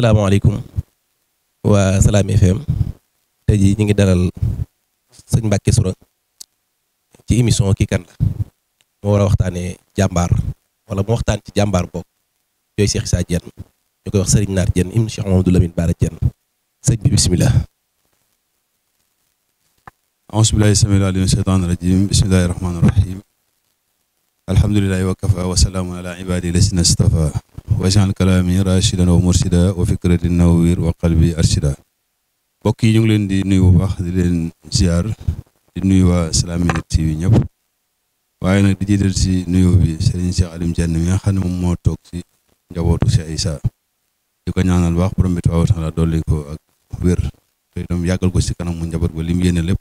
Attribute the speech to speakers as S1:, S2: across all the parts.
S1: asalaamaaleykum waa Salam FM tey jii ñu ngi dalal sëñ Mbacke Sourang ci émission kii kan la moo war a waxtaanee jàmbaar wala mu waxtaan ci jàmbaar boog yooyu Cheikh Issa Diène ñu koy wax Serigne Naar Diène ibn Cheikh Mamadou Lamine Bara Diène sëñ bi bisimilah.
S2: auzu billaahi samiil aliim sheytaani rajiim bismillaahi wa kafaa wa salaamun alaa ibaadihi llaziina stafaa wajal kalaami rashidan wa mursida wa fikrati nawwir wa qalbi arshida mbokk yi ñu ngi leen di nuyu bu baax di leen ziar di nuyu waa Salamia TV ñëpp waaye nag di jiital si nuyu bi Serigne Cheikh Alim Dieng mi nga xam ne moom moo toog si njabootu Cheikh Issa di ko ñaanal baax borom bi tabaaraka wa taala dolli ko ak wér te itam yàggal ko si kanam mu njaboot ba li mu yéene lépp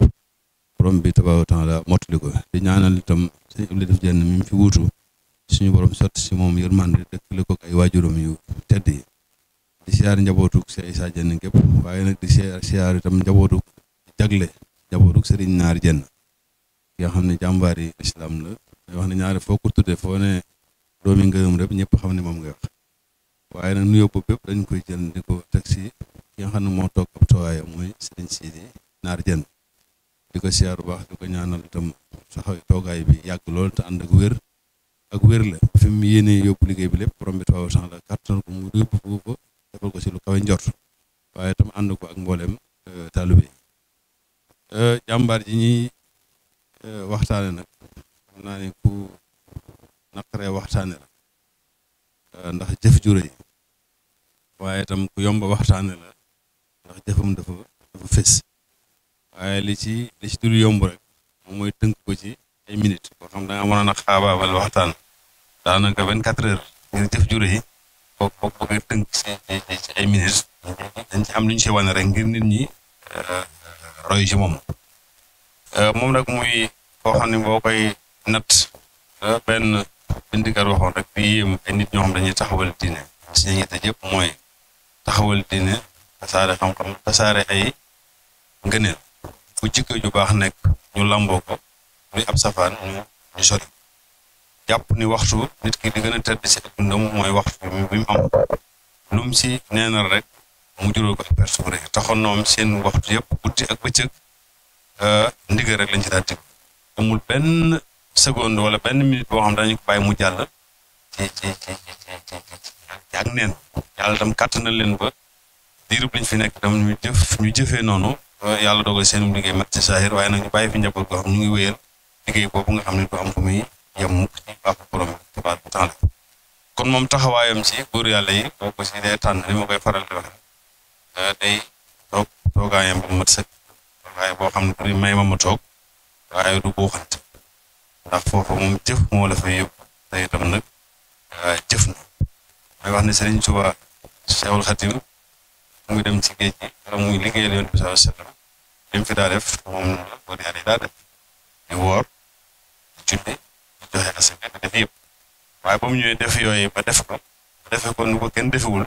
S2: bi tabaaraka wa taala mottali ko di ñaanal itam Serigne Abdou mi fi wuutu suñu borom sotti si moom yërmande dëkkale ko ay waajuram yu tedd yi di siyaar njabootu Cheikh Issa Dienne waaye nag di siyaar siyaar itam njabootu jagle njabootu Serigne Naar Dienne nga xam ne jàmbaar yi islam la may wax ne ñaari foo ko tuddee foo ne doomi ngërëm rek ñëpp xam ne moom ngay wax waaye nag nu boobu bépp dañ koy jël di ko teg si ki xam ne moo toog ab toowaayam mooy si Sidi Naar Dienne di ko siyaar bu baax di ko ñaanal itam saxaw toogaay bi yàgg lool te ànd ak wér ak wér la fi mu yéene yóbbu liggéey bi lépp borom bi tabaaraka wa taala kàttan ko mu yóbbu ko ko ci lu kawe njort waaye tam ànd ko ak mbooleem euh, taalibe euh, jàmbaar ji ñuy euh, waxtaane nag xam naa ne ku naqaree waxtaane la ndax jëf ju rëy waaye tam ku yomba waxtaane la ndax jëfam dafa dafa fés waaye ci li ci dul yomb rek moom mooy tënk ko ci ay minutes boo xam da waxtaan daanaka vingt quatre heures ngir jëf jure yi foog foog foog si ay minutes dañ am lu ñu si wane rek ngir nit ñi euh, roy si moom euh, moom nag muy koo xam ne boo koy natt euh, benn bindikat waxoon rek di yéem ay nit ñoo xam dañuy taxawal diine si ñi te yëpp mooy taxawal diine tasaare xam-xam tasaare ay ngëneel fu jikko ju baax nekk ñu lamboo muy ab safaan ñu ñu sori jàpp ni waxtu nit ki di gën a tedd si ak dundam mooy wax bi mu am lu si neenal rek mu jural ko ak taxoon noom seen waxtu yëpp guddi ak bëccëg euh, ndigal rek lañ ci daal déglu amul benn seconde wala benn minute boo xam dañu ko bàyyi mu jàll ci ci ci ci ci ak leen ba diirub liñ fi nekk dam ñu jëf ñu jëfee noonu yàlla dogal seen liggéey mat ci saahir waaye nag ñu bàyyi fi njaboot goo xam ngi wéyal liggéey boobu nga xam ne du am fu muy yem mukk ci baaxu borom tabaaraka wa kon moom taxawaayam ci góor yàlla yi boo ci dee tànn li ma koy faral di wax euh, day toog toogaayam bu mat sëkk toogaay boo xam ne du may ma ma toog waaye du buuxante ndax foofu moom jëf moo la fa yóbbu te itam nag euh, jëf na may wax ne Sëriñ Tuubaa Seexul Xadim mu ngi dem ci géej gi wala mu fi daa def moom góor yàlla yi daa def woor junni joxe na sa def yëpp waaye ba mu ñëwee def yooyu ba def ko defee ko nu ko kenn defewul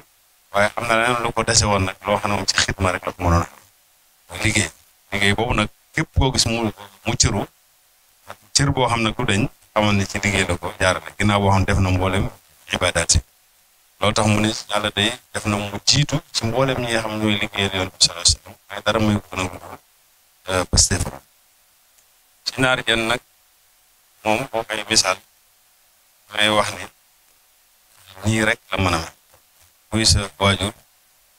S2: waaye xam na leneen lu ko dese woon nag loo xam ne moom ci xidma rek la ko mënoon a xam liggéey liggéey boobu nag képp koo gis mu mu cëru ak boo xam ne ku dañ xamal ne ci liggéey la ko jaarale ginnaaw xam ne def na mboolem ibaadaat yi loolu tax mu ne yàlla def na mu jiitu ci mboolem ñi nga xam ne ñooy liggéeyal yoon bi sallallahu alayhi wasallam waaye dara muy gën a ci naar jenn nag moom boo koy misaal may wax ne nii rek la mën a mel kuy sa waajur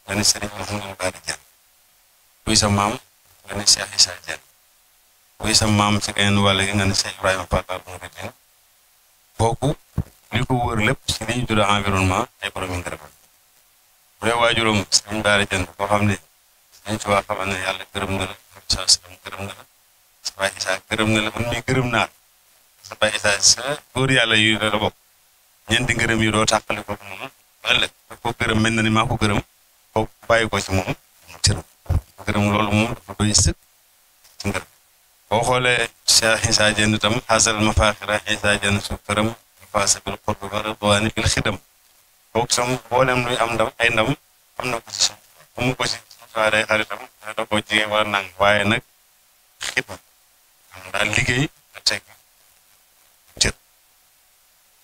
S2: nga ne sëriñ Mouhamadou Bara Diène kuy sa maam nga ne Cheikh Issa Diène kuy sa maam ci geneen wàll gi nga ne Cheikh Ibrahima Fall Mouridine kooku li ko wër lépp si li ñu tudd environnement ay borom ngërëm bu dee waajuram sëriñ Bara Diène boo xam ne sëriñ Tuubaa xamal ne yàlla gërëm na la sa gërëm na la na la man mii gërëm naa ba étage góor yàlla yu la bokk ñeenti ngërëm yu doo tàqali ko moom ëllëg ko gërëm mel na ni maa ko gërëm ko bàyyi ko ci moom cër gërëm loolu moom dafa doy sëkk ci ngërëm boo xoolee Cheikh Issa Dieng tam xasal mafaaxira Issa Dieng su këram faasa bil xurb ba ridwaani bil xidam kooku sam boolem luy am ndam ay ndam am na ko ci suuf amu ko ci suufaare xaritam da ko jigee war nang waaye nag xidma am daal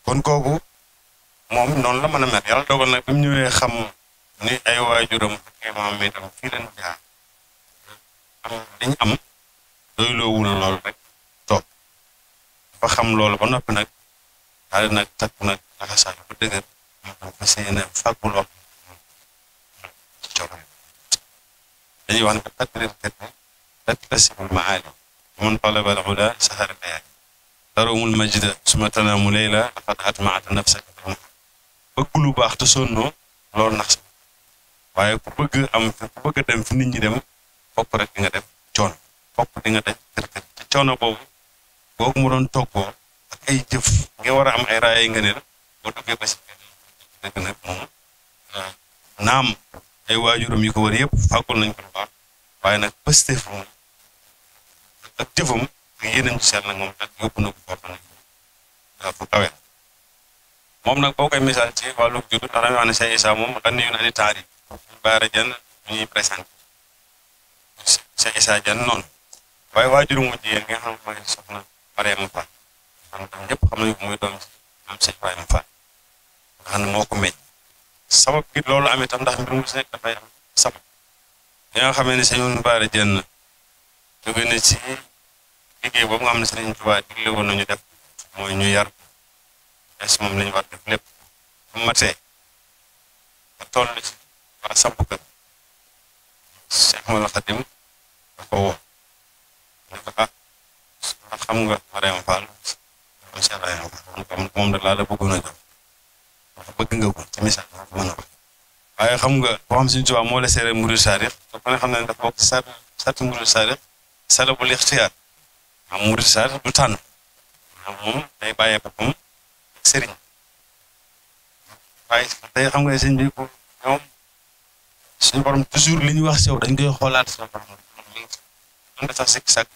S2: kon kooku moom noonu lama mën a mel yàlla dogal nag bi xam ni ay waajuram ak maam mi tam fii lañ jaar am dañ am lool loowul loolu rek toog fa xam loolu ba noppi nag daal di nag takku nag naka sax bu dëgër moom tam fas yéene fàggu loo dañuy wax ne takrim kat taktasibul maali man talaba al ula sahara tarumul majida suma tanaamu leyla xat xat maata nafsaka bëgg lu baax te sonnoo loolu nax sa waaye ku bëgg am ku bëgg a dem fi nit ñi dem fopp rek di nga def coono fopp di nga def kër kër te coono boobu mu doon toggoo ak jëf nga war a am ay raaya nga ne la boo duggee ba ah, naam ay waajuram yu ko war yëpp fàggul nañ ko lu baax waaye nag pësteefam ak jëfam ak yéeneem sell nag moom nag yóbbu na ko koo xam ne fu kawe moom nag boo koy misaal ci wàllu juddu ndax damay wax ne Cheikh Issa moom xan yu na ni taar yi baara jenn ñu ñuy présenté Cheikh Issa jenn noonu waaye waajuru mu jigéen nga xam mooy soxna Mariama Fall xam nga ñëpp xam nañu muy doom am sëñ Mariama Fall nga xam ne moo ko meññ sabab gi loolu amee tam ndax mbir mu si nekk dafay am sabab ñi nga xamee ne sëñ Baara Jenn jóge na ci liggéey boobu nga xam ne Sëriñ Tuubaa digle woon nañu def mooy ñu yar moom la ñu war def lépp bu matee nga toll ci waa samp kër ah, nga Mariama Fall a jox nga a boo xam Sëriñ Tuubaa moo la seere murid saarix dafa ne xam ne dafa bokk sart sart murid saarix sala bul ixtiyaar am murid saa du tànn am moom day bàyyee boppam sëriñ waaye tey xam nga sëñ bi ko ñoom suñu borom toujours li ñuy wax sew dañ koy xoolaat suñu borom mën sax sikki sàkk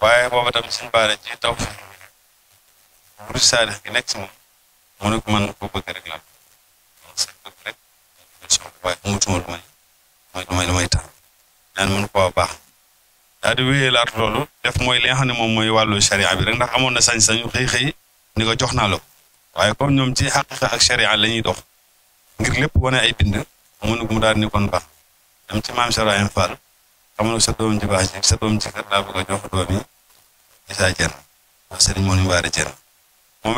S2: waaye booba tam suñu baare ci taw murid saa gi nekk si moom mu ne ko man ko bëgg rek laa sëñ bëgg rek waaye mu tumal mooy mooy damay damay tànn naan mën baax daal di wéyee laata loolu def mooy li nga xam ne moom mooy wàllu sharia bi rek ndax amoon na sañ-sañu xëy-xëy ni ko jox naa la ko comme ñoom ci xaqiqa ak sharia la ñuy dox ngir lépp wane ay bind mënu mu daal ni kon baax dem ci maam Sëriñ Fall xam nga sa doom ji baax ji sa doom ji kat laa bëgg a jox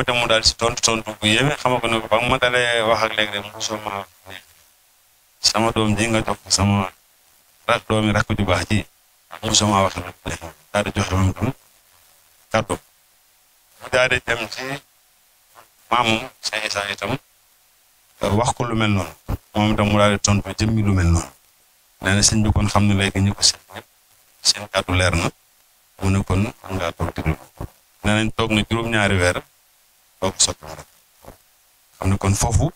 S2: itam mu daal si tontu tontu bu yéeme xam nga ne ba ma dalee wax ak léegi rek mosoo sama doom ji nga jox sama rak doomi rakk ju baax ji ñu sama wax daal di joxe moom tam kàddu mu daal di dem maamum Cheikh Issa itam wax ko lu mel noonu moom itam mu daal di tontu jëmmi lu mel noonu nee na sëñ xam ne léegi ñu ko seen ñëpp leer na mu ne kon xam ngaa toog diglu nee nañ toog na juróom-ñaari weer toog sotti ne kon foofu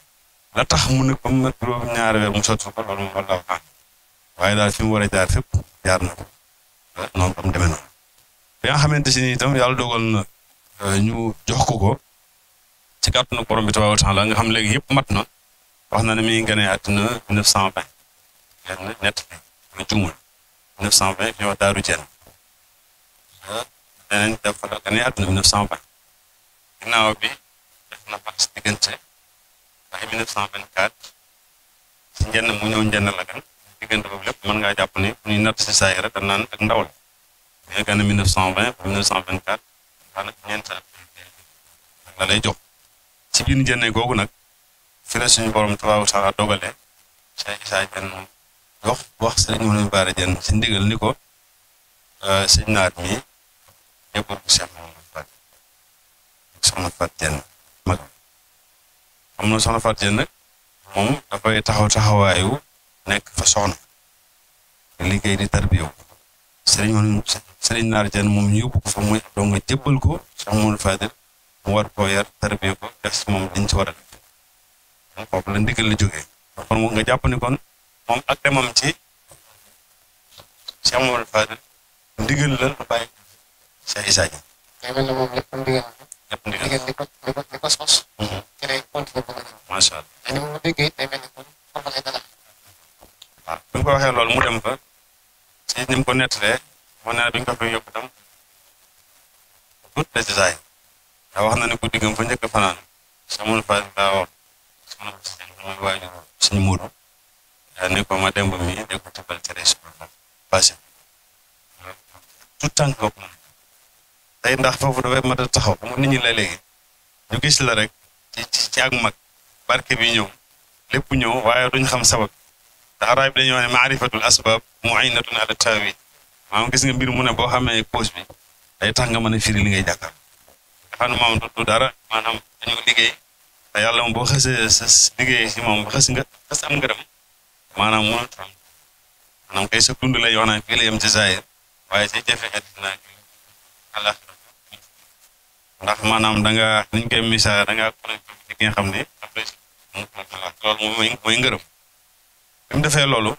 S2: mu ne weer mu sotti ko loolu moom wallaahu waaye daal fi mu a jaar fépp jaar na ko Ah, noonu am demee noonu bi nga xamante si ni itam yàlla dogal na euh, ñu jox ko ko ci kàttanu borom bi tabaaraka taala nga xam léegi yëpp mat na wax na ne mi ngi gane àddina 1920 genn ñett ma jumul 1920 fi ñu wax daaru jenn neneen ah, dafa la gane àddina 1920 ginnaaw bi def na pax mu ñëw njenn la gan diggante boobu lépp mën ngaa jàpp ne bu ñuy natt si saa yi rek naan ak ndaw la mais gànna 1920 ba 1924 daanaka ñeent at la lay jox ci biir jënne googu nag fi la suñu borom tubaabu sax a dogalee Cheikh Issa wax wax sëriñ Mouhamadou Bara Diène si ndigal ni ko euh, sëñ naat mi njaboot bu Cheikh Mouhamadou Fat soxna am na soxna Fat Diène nag dafay taxaw taxawaayu nekk fa soxna liggéey di tarbiyaw sëriñ moom sëriñ naar jaan moom yóbbu ko fa muy doo nga ko Cheikh Mouhamadou Fadil mu war koo yar tarbiya ko def si moom dañ ci war a la ndigal la jógee nga jàpp ni kon moom ak demam ci Cheikh Mouhamadou Fadil ndigal la lu bàyyi Cheikh moom
S3: lépp ndigal
S2: waxee loolu mu dem ba ci ni mu ko nettalee moo ne duñ ko fay yóbbu tam tuuti la ndax wax na ne guddi gam fa njëkk a fanaan samul fa laa wax sama mooy waajur ne ko ma dem ba mii dégg ko tubal tere suba passé tout tànk bokk na tey ndax foofu dafay mat a taxaw mu nit la léegi ñu gis la rek ci ci ak mag barke bi ñëw lépp ñëw waaye duñ xam sabab ndax araab bi dañoo ne maarifatul asbaab muinatun ala taawil maanaam gis nga mbir mu ne boo xamee cause bi day tax nga mën a firi li ngay jàkkar nga xam ne moom du dara maanaam yàlla boo xasee sa liggéey si moom xas nga xas am ngërëm maanaam mënul tam maanaam kay sa dund lay wax naan fii la waaye say jafe-jafe dinaa maanaam da nga niñ koy misaal da ngaa connecté xam ne après loolu mooy mooy ngërëm bi mu defee loolu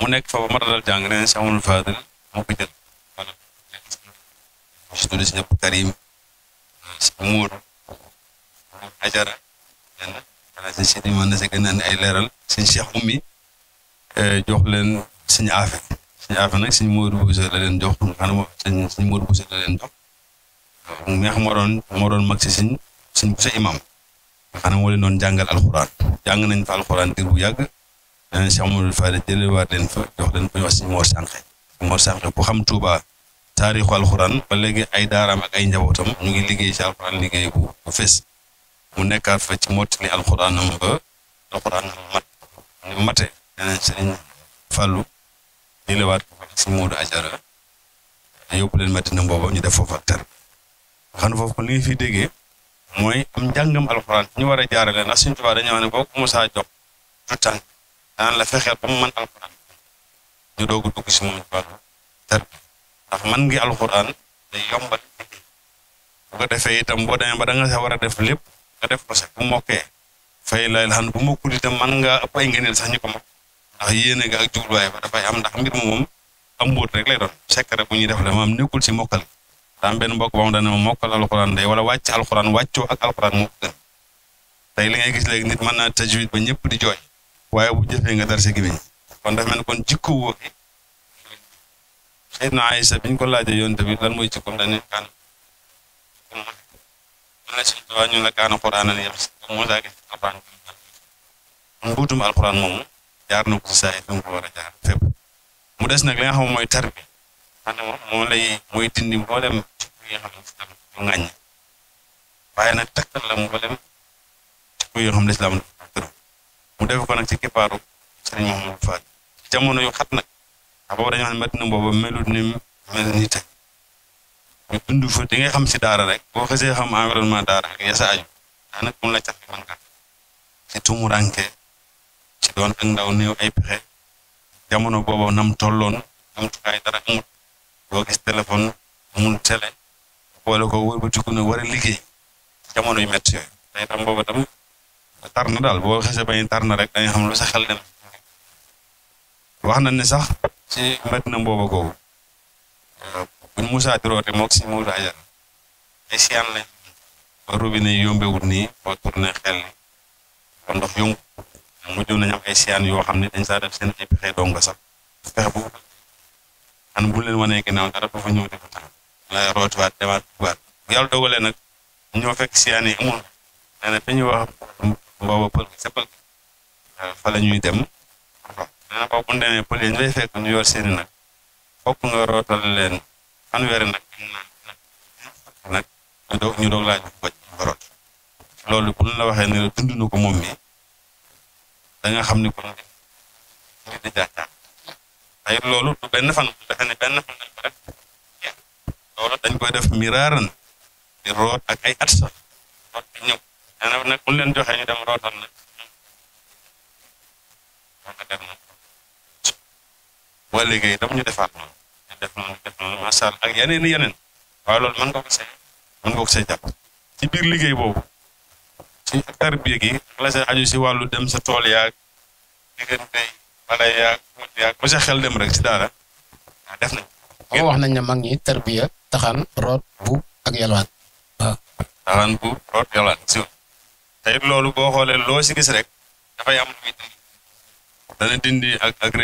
S2: mu nekk fa ba matadal jàng nee na Cheikh Amadou Fadel moo ko si tudd si si muur ajara nee na si Cheikh mën na si gën a ay leeral suñ Cheikh ummi eh, jox leen suñ aafe suñ aafe nag suñ muur bu la leen jox xanaa moom suñ muur bu la leen moo doon moo doon mag si suñ imam xanaa moo leen doon jàngal alxuraan jàng nañ fa alxuraan diir bu yàgg danañ si amul faade jëlewaat leen fa jox leen ko ñu si Mor Sànqe Mor Sànqe ku xam Touba taarixu alxuraan ba léegi ay daaraam ak ay njabootam ngi liggéey si alxuraan liggéey bu bu fees mu nekkaat fa ci mottali alxuraanam ba alxuraan mat ni mate danañ sëriñ Fàllu jëlewaat ko si Moodu Ajara yóbbu leen Madina booba ñu def foofu ak tar xam foofu li fi déggee mooy am njàngam alxuraan ñu war a jaarale ndax suñu tubaab dañoo ne boo ko saa jox daan la fexeel ba man mën alxuraan ñu doog a si moom ci wàllu tarbiya ndax man ngi alxuraan day yombal liggéey bu itam boo ba da nga war a def lépp nga def ko sax bu mokkee fay lay xam bu mokkul itam man nga ëpp ay ngëneel sax ñu ko mokk ndax yéene nga ak jubluwaay ba dafay am ndax mbir mu moom am mbóot rek lay doon secret bu ñuy def le maam nekkul si mokkal daam benn mbokk ba mu daan ne ma mokkal alxuraan day wala wàcc alxuraan wàccoo ak alxuraan moo ko gën tey li ngay gis léegi nit mën naa tajwid ba ñëpp di jooy waaye bu jëfee nga dar sa gémmiñ kon dafa mel ne kon jikko wooki xëy na Aysa biñ ko laajee yoon tamit lan mooy jikkoom dañ ne kaan na kaana quraanan yabsa moo daa gis alquran mbuutum alquran moomu jaar na ko mu war a jaar des nag li xam mooy tar bi xam ne moom moo lay mooy dindi mboolem jikko yi nga xam ne waaye nag takkal la mboolem jikko xam ne lislaam mu def ko nag ci kippaaru sëriñ Mouhamadou Fall jamono yu xat nag ndax boobu dañoo xam ne Madina boobu melut ni mel ni tey ñu xam si daara rek boo xasee xam environnement daara ak ya sa aju daanaka la cafe mën nga ci tumuranke ci doon ak ndaw néew ay pexe jamono boobo nam tolloon jumtukaay dara amul doo gis téléphone amul télé boole ko wërbatiku ne war a liggéey jamono yu métti yooyu tey tam tar na daal boo xasee bañ tar na rek dañ xam lu sa xel dem wax na ne sax ci met na mbooba googu buñ Moussa Dirote moog si Moussa Diar ay siyaan lañ yoo xam ne dañ saa def seen sax fexe bu an bu leen wanee ginnaaw dara dafa ñëw def tax la rootiwaat demaat bu yàlla dogalee nag ñoo booba pël ca pël ah, fa ñuy dem dina ah, boobu bu ñu demee pël yi ñu lay ñu yor seeni nag fokk nga rootal leen fanweeri nag nag ñu doog ñu doog ko root loolu bu la waxee ne dund ko moom mi da xam ni kon ñu di ne benn fan dañ koy def miraaran root ak ay at sax nee na nag bu leen joxee ñu dem rootal nag moom la liggéey dam ñu defaat moom ñu ak yeneen yeneen waaye loolu mën ko see mën ko see jàpp ci biir liggéey boobu ci tarbiya gi ak la see si wàllu dem sa tool yaag diggante wala yaag yaag ba xel dem rek si daara def nañ
S3: ko wax nañ ne mag ñi tarbiya taxaan root bu ak yalwaan
S2: taxaan bu root yalwaan te loolu boo xoolee loo ci gis rek dafay am lu muy dindi dana dindi ak ak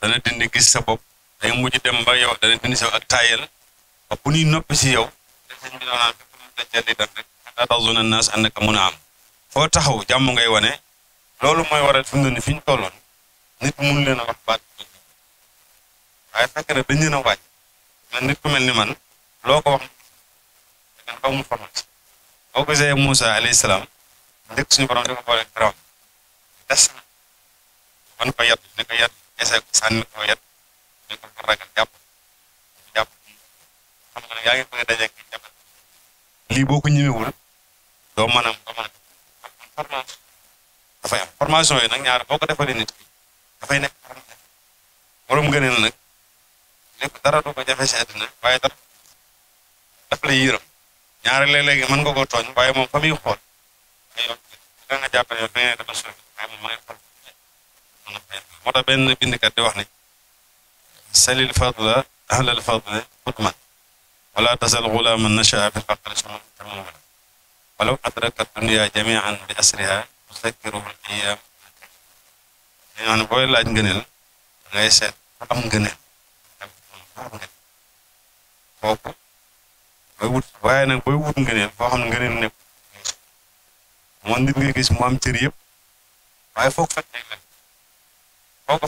S2: dana dindi gis sa bopp day mujj dem ba yow dana dindi sa ak taayel ba bu ñuy noppi si yow def sañ bi doonaan fépp lu dajee mun a am foo taxaw jàmm ngay wone loolu mooy waral fi mu ne fi ñu tolloon nit mun leen a wax baat waaye fekk na dañ leen a mel ni man loo ko wax da ngeen xaw mu formation boo gisee Moussa alayhi salaam lépp suñu borom dafa boole firaw des na mën ko yat ne ko yat essayé ko sànni ne ko yat ne formation formation yi nag ñaar boo ko defalee nit ki dafay nekk borom gëneel nag lépp dara du ko jafe daf lay yërëm ñaari léeg-léegi mën nga ko tooñ waaye moom fa xool da nga jàpp ne yow da dafa sori mais moom ma ngay xool moo tax benn bindkat di wax ne salil fadla ahlal fadli utman wala tasal gulaaman nachaa fi lfaqri suma tamuma walaw adraka dunia jamian bi asriha tuzakiruhu l ayam dañu wax ne booy laaj ngëneel da ngay seet ku am ngëneel kooku booy wut waaye nag booy wut ngëneel boo xam ne ngëneel nekk moom nit nga gis mu am cër yëpp waaye foo ko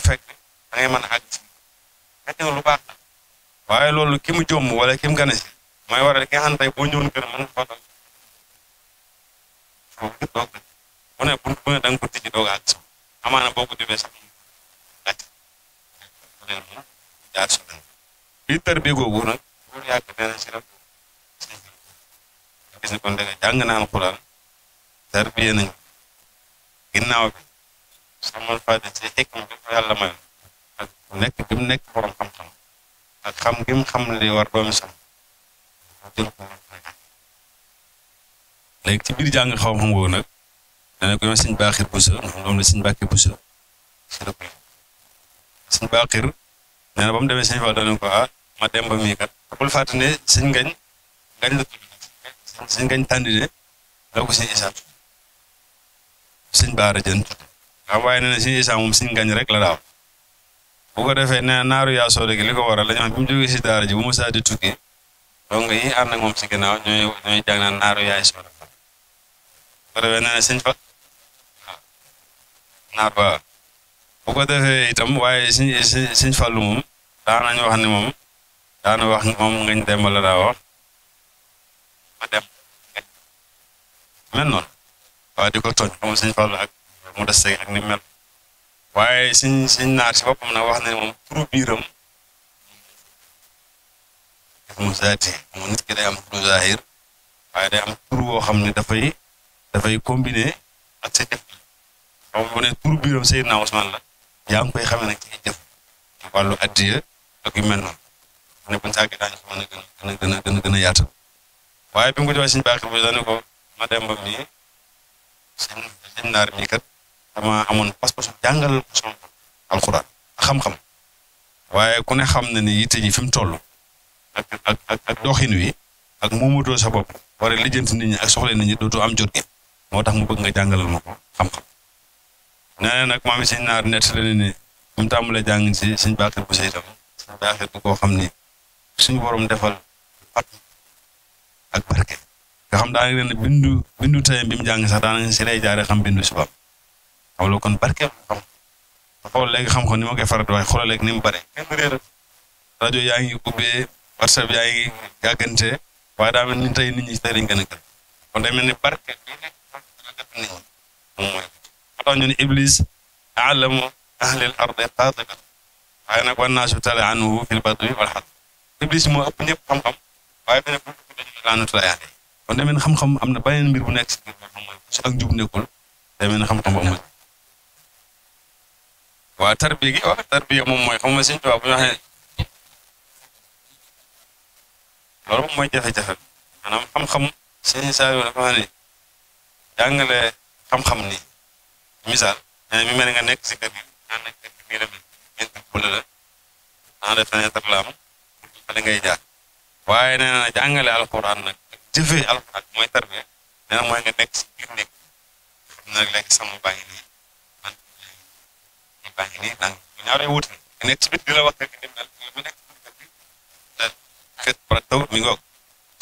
S2: fekk day mel a àgg si nga lu baax la waaye loolu ki mu jomm wala ki mu gane si mooy waral ki nga xam boo ñëwoon gën a mën ko doog bu ne bu ne nga ko tijji doog a àgg ko demee nag loolu yàgg nee na si rek gis ni kon dëgg jàng naa alxuraan tarbiya nañ ginnaaw bi samal fadi si xikma bi ko yàlla mayoon ak nekk bi mu nekk borom xam-xam ak xam kim xam li war doomi sam léegi ci biir jàng xaw xam boobu nag dana ko yoon sëñ baaxir busa moom la sëñ baaxir nee na demee sëñ fa dana ko ah ma dem ba mii kat bul fàtte ne sëñ ngañ ngañ la tudd sëñ isaat sëñ baara jën xam waaye nee na sëñ Isaa moom sëñ ngañ rek la daaw ko defee nee na naaru yaa soode gi li ko waral la ñu xam bi mu jógee si daara ji bu mu saa di tukki donc yi ànd moom si ginnaaw ñooy ñooy jàng naan naaru yaay soode bu defee nee na sëñ fa naar ko defee itam waaye sëñ sëñ fàllu moom daanañu wax ne moom daana wax moom ngañ dem la daa wax ma waa diko ko toj moom sëñ Fallou ak mu des seeg ak ni mel waaye sëñ sëñ naar si boppam nag wax na ne moom turu biiram mu zaati moom nit ki day am turu waaye day am turu xam ne dafay combine combiné ak sa jëf moom bu ne la yaa ngi koy addiya ak yu mel noonu mu ne buñ sàggee daañu ko mën a gën waaye bi mu ko joxee ma dem ba mii sëñ naar mi kat dama amoon pas-pasu jàngal ko sama alxuraan xam-xam waaye ku ne xam na ni yitte ñi fi mu toll ak ak ak doxin wi ak moomatoo sa bopp war a lijjanti nit ñi ak soxle nit ñi dootoo am jot gi moo tax mu bëgg nga jàngalal ma ko xam-xam nee na nag maam sëñ naar nett la ne ni mu tàmbalee jàng si sëñ baaxir bu sey tam sëñ baaxir bu koo xam ni suñu borom defal at ak barke xam daanaka ne bindu bindu tayam bi mu jàng sax daanaka si lay jaaree xam bindu suba xam nga kon barkeel xam xam ni ma koy faral di wax xoolal bare kenn réer rajo yaa ngi ubbee whatsapp yaa ngi gàggante waaye daa mel ni tey nit ñi tey dañ gën a gën kon day mel mooy moo tax alamu ahlil ardi qaatiban waaye nag wan naasu tale anhu fil ëpp ñëpp xam-xam waaye mu ne bu dañuy laanutu la yàlla kon demeen xam-xam am na beneen mbir bu nekk si su ak njub nekkul demeen xam-xam amul waaw tarbiya gi waaw tarbiya moom mooy xam nga sëñ Tuubaa bu ñu mooy jafe-jafe maanaam xam-xam sëñ Saliou dafa wax ne jàngale xam-xam ni misaal mi mel nga nekk si kër gi naan na kër gi nii la mel ngeen bële la naan la fenêtre jëfee alxuraan mooy tarbiya na mooy nga nekk si biir nekk xam na nag léegi sama baa ngi nii man ñu nang bu ñaaw day wuute nekk ci biir la wax rek ni mel bu nekk bi da fekk par taw mi ngoog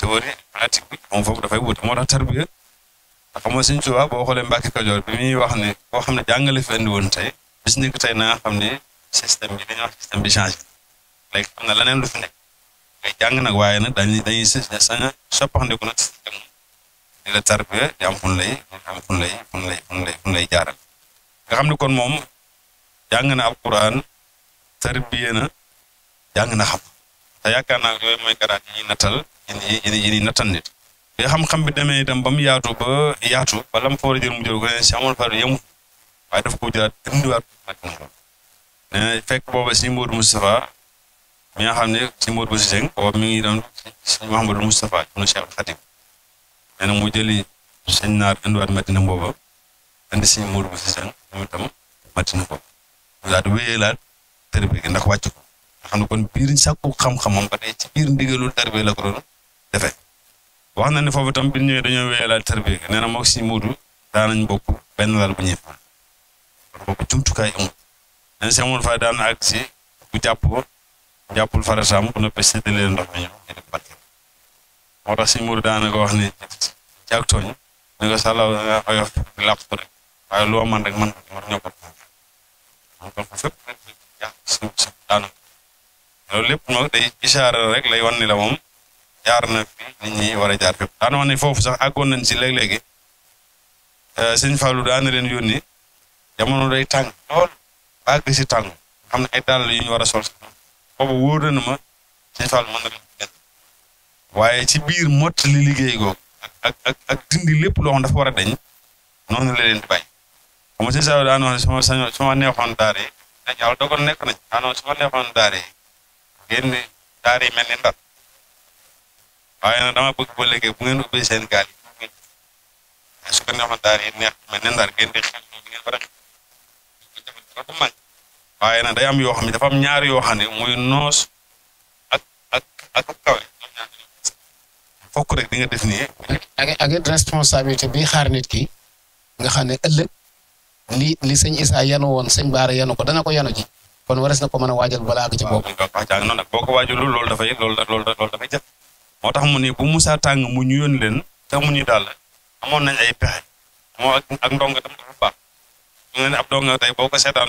S2: théorie pratique bi dafay wuute moo tax tarbiya ndax xam nga suñ tubaab boo xoolee Mbàkke Kajoor bi muy wax ne koo xam ne jàngale le andi woon tey bis ni ko tey na nga xam ne système bi dañuy wax système bi changé léegi xam na leneen lu fi nekk ngay jàng nag waaye nag dañuy dañuy sañ a soppandiku nag di la tarbiya di am fun lay am fun lay jaaral nga xam ne kon moom jàng na alquran tarbiya na jàng na xam te yaakaar naa yooyu mooy garaat yi ñuy nattal yi ñuy nit bi xam-xam bi demee itam ba mu yaatu ba yaatu ba a jël mu jël ko si amoon fa yemut waaye daf ko jëlaat indiwaat nee booba si Mbour Moustapha mi nga xam ne si Modou Bousso Dieng boobu mi ngi doon sëñ Mouhamadou Moustapha ibnu Cheikh Khatim nee na mu jëli sëñ naar indiwaat Madina indi sëñ Modou Bousso Dieng moom itam Madina boobu mu daal di wéyelaat tërbi ko nga xam ne kon biir sàkku xam-xam moom ko tey ci biir ndigalul tërbi la ko doon defee wax na ne foofu tam bi ñëwee dañoo wéyelaat tërbi gi nee na moog sëñ Modou daanañ bokk benn lal bu ñuy fanaan bokk jumtukaay amul nee na sëñ Modou Faye daan bu jàpp jàppul farataam bu noppee séddalee ndox mi ñoom moo tax si mur daanaka wax ne jaag tooñ ne ko sàllaw da nga oyof rek waaye loo man rek man man ñoo ko man kon ko loolu lépp nag day isaara rek lay wan la moom jaar na fi nit ñi war a jar fépp daan wax ne foofu sax àggoon nañ si léeg-léegi eh, sëñ Fallou daan na leen yónni jamono day tàng lool bàgg si tàng xam ne ay dàll yu ñu war a sol boobu wóor na ma waaye ci biir mottali liggéey googu ak ak ak dindi lépp loo xam dafa noonu la leen di bàyyi xam nga Sëñ Fall daan wax ne su ma su ma neexoon daara yi dañ yàlla yi mel ni ndar waaye nag dama bëgg ba léegi bu ngeen ubbee seen gaal yi su ko neexoon daara yi neex mel ndar a waaye nag day am yoo xam ne dafa am ñaar yoo xam ne muy noos a ak ak kawe fokk rek di nga def nii.
S3: a ak it bi xaar nit ki nga xam ne ëllëg li li sëñ Issa yanu woon sëñ Baara yanu ko dana ko yanu ji kon wares na ko mën a waajal balaa àgg ci boobu.
S2: waaw waaw noonu nag boo ko waajalul loolu dafay loolu loolu loolu moo tax mu ne bu Moussa tàng mu ñu yónni leen te mu ñu daal amoon nañ ay pexe moo ak ak ndongo tam